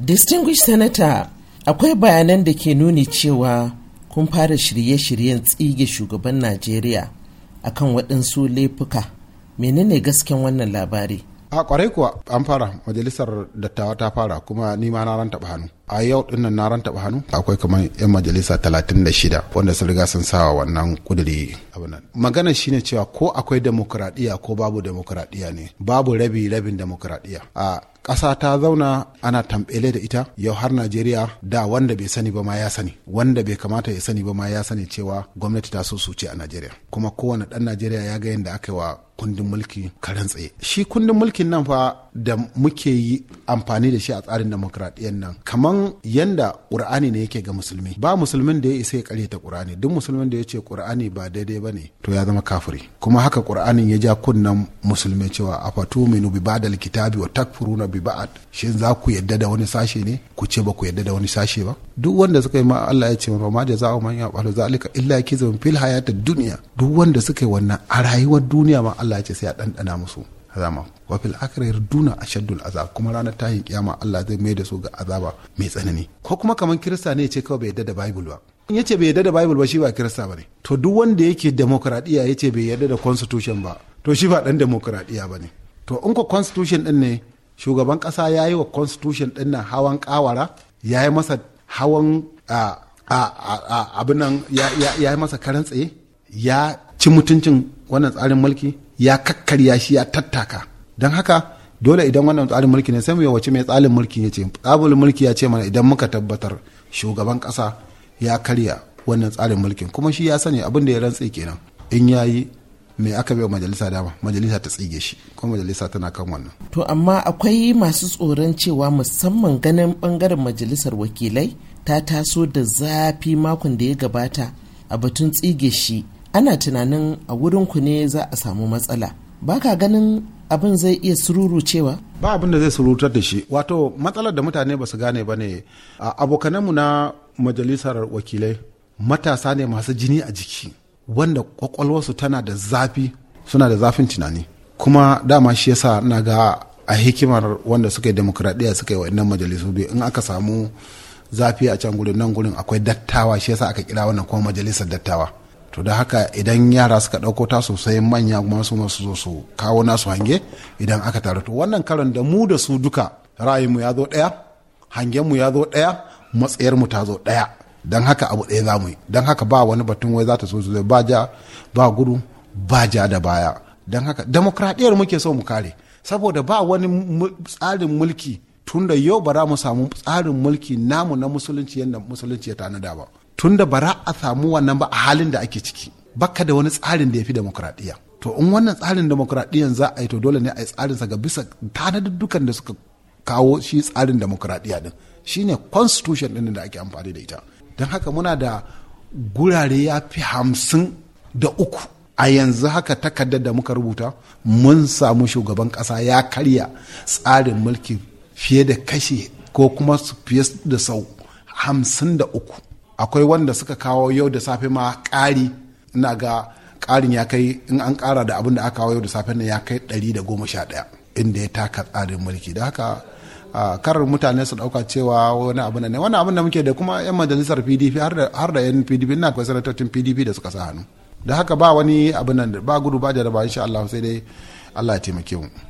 distinguished senator akwai bayanan da ke nuni cewa kun fara shirye-shiryen tsige shugaban najeriya akan waɗansu laifuka menene gasken wannan labari a kwarai kuwa an fara majalisar dattawa ta fara kuma ni ma na ran taɓa hannu a yau din nan na ran taɓa hannu akwai kamar yan majalisa 36 wanda sun riga sun sawa wannan kuduri abinan magana shine cewa ko akwai demokradiya ko babu demokradiya ne babu rabi rabin demokradiya a ƙasa ta zauna ana tambele da ita yau har najeriya da wanda bai sani ba ma ya sani wanda bai kamata ya sani ba ma ya sani cewa gwamnati ta so su ce a najeriya kuma kowane ɗan najeriya ya ga yadda aka yi wa kundin mulki karen tsaye shi kundin mulkin nan fa da muke yi amfani da shi a tsarin demokradiyyar nan kaman yanda ƙur'ani ne yake ga musulmi ba musulmin da ya isa ya ta ƙur'ani duk musulmin da ya ce ƙur'ani ba daidai ba ne to ya zama kafiri kuma haka ƙur'anin ya ja kunnen musulmi cewa a fatu minu bi badal kitabi wa na bi ba'ad shin za ku yadda da wani sashe ne ku ce ba ku yadda da wani sashe ba duk wanda suka yi ma Allah ya ce ma ma jaza'u man a zalika illa kizun fil hayatid duniya. duk wanda suka yi wannan a rayuwar duniya ma Allah ya ce sai a ɗanɗana musu azama wa fil akhirah duna ashaddul azab kuma ranar tahin kiyama Allah zai mai da su ga azaba mai tsanani ko kuma kaman kirista ne ce kawai bai yadda da bible ba in yace bai yadda da bible ba shi ba kirista bane to duk wanda yake demokradiya yace bai yarda da constitution ba to shi ba dan demokradiya bane to in ko constitution din ne shugaban kasa yayi wa constitution din nan hawan kawara yayi masa hawan a abin nan ya yi masa karan tsaye ya ci mutuncin wannan tsarin mulki ya kakkarya shi ya tattaka don haka dole idan wannan tsarin mulki ne sai mu mai tsarin mulki ya ce tsarin mulki ya ce mana idan muka tabbatar shugaban kasa ya karya wannan tsarin mulkin kuma shi ya sani abin da ya rantse kenan in yayi mai aka bai majalisa dama majalisa ta tsige shi kuma majalisa tana kan wannan to amma akwai masu tsoron cewa musamman ganin bangaren majalisar wakilai ta taso da zafi makon da ya gabata a batun tsige shi ana tunanin a ku ne za a samu matsala ba ka ganin abin zai iya sururu cewa ba abin da zai surutar da shi wato matsalar da mutane ba su gane ba ne abokananmu na majalisar wakilai matasa ne masu jini a jiki wanda kwakwalwarsu tana da zafi suna da zafin tunani kuma dama shi yasa na ga a hikimar wanda suka yi demokradiyya suka yi wa'annan majalisu biyu in aka samu zafi a can gudun nan gurin akwai dattawa shi yasa aka kira wannan kuma majalisar dattawa to da haka idan yara suka ɗauko ta sosai manya kuma su masu zo su kawo nasu hange idan aka taru to wannan karan da mu da su duka ra'ayinmu ya zo ɗaya mu ya zo ɗaya matsayar mu ta zo ɗaya don haka abu ɗaya za mu yi don haka ba wani batun wai za ta so zai ba ja ba gudu ba ja da baya don haka demokradiyyar muke so mu kare saboda ba wani tsarin mulki tunda yau ba za mu samu tsarin mulki namu na musulunci yadda musulunci ya tanada ba tun da bara a samu wannan ba a halin da ake ciki baka da wani tsarin da ya fi demokradiyya to in wannan tsarin demokradiyyan za a yi to dole ne a yi tsarinsa ga bisa tanaduddukan da suka kawo shi tsarin demokradiyya din shine constitution din da ake amfani da ita don haka muna da gurare ya fi hamsin da uku a yanzu haka takardar da muka rubuta mun samu shugaban ƙasa ya karya tsarin mulki fiye da kashi ko kuma fiye da sau hamsin da uku akwai wanda suka kawo yau da safe ma ƙari ina ga ƙarin ya kai in an ƙara da abin da aka kawo yau da safe ne ya kai ɗari da goma sha ɗaya inda ya taka tsarin mulki da haka karar mutane su ɗauka cewa wani abu ne wani abin da muke da kuma 'yan majalisar pdp har da 'yan pdp ina kai sanatocin pdp da suka sa hannu da haka ba wani abin nan ba gudu ba jaraba insha Allah sai dai Allah ya taimake mu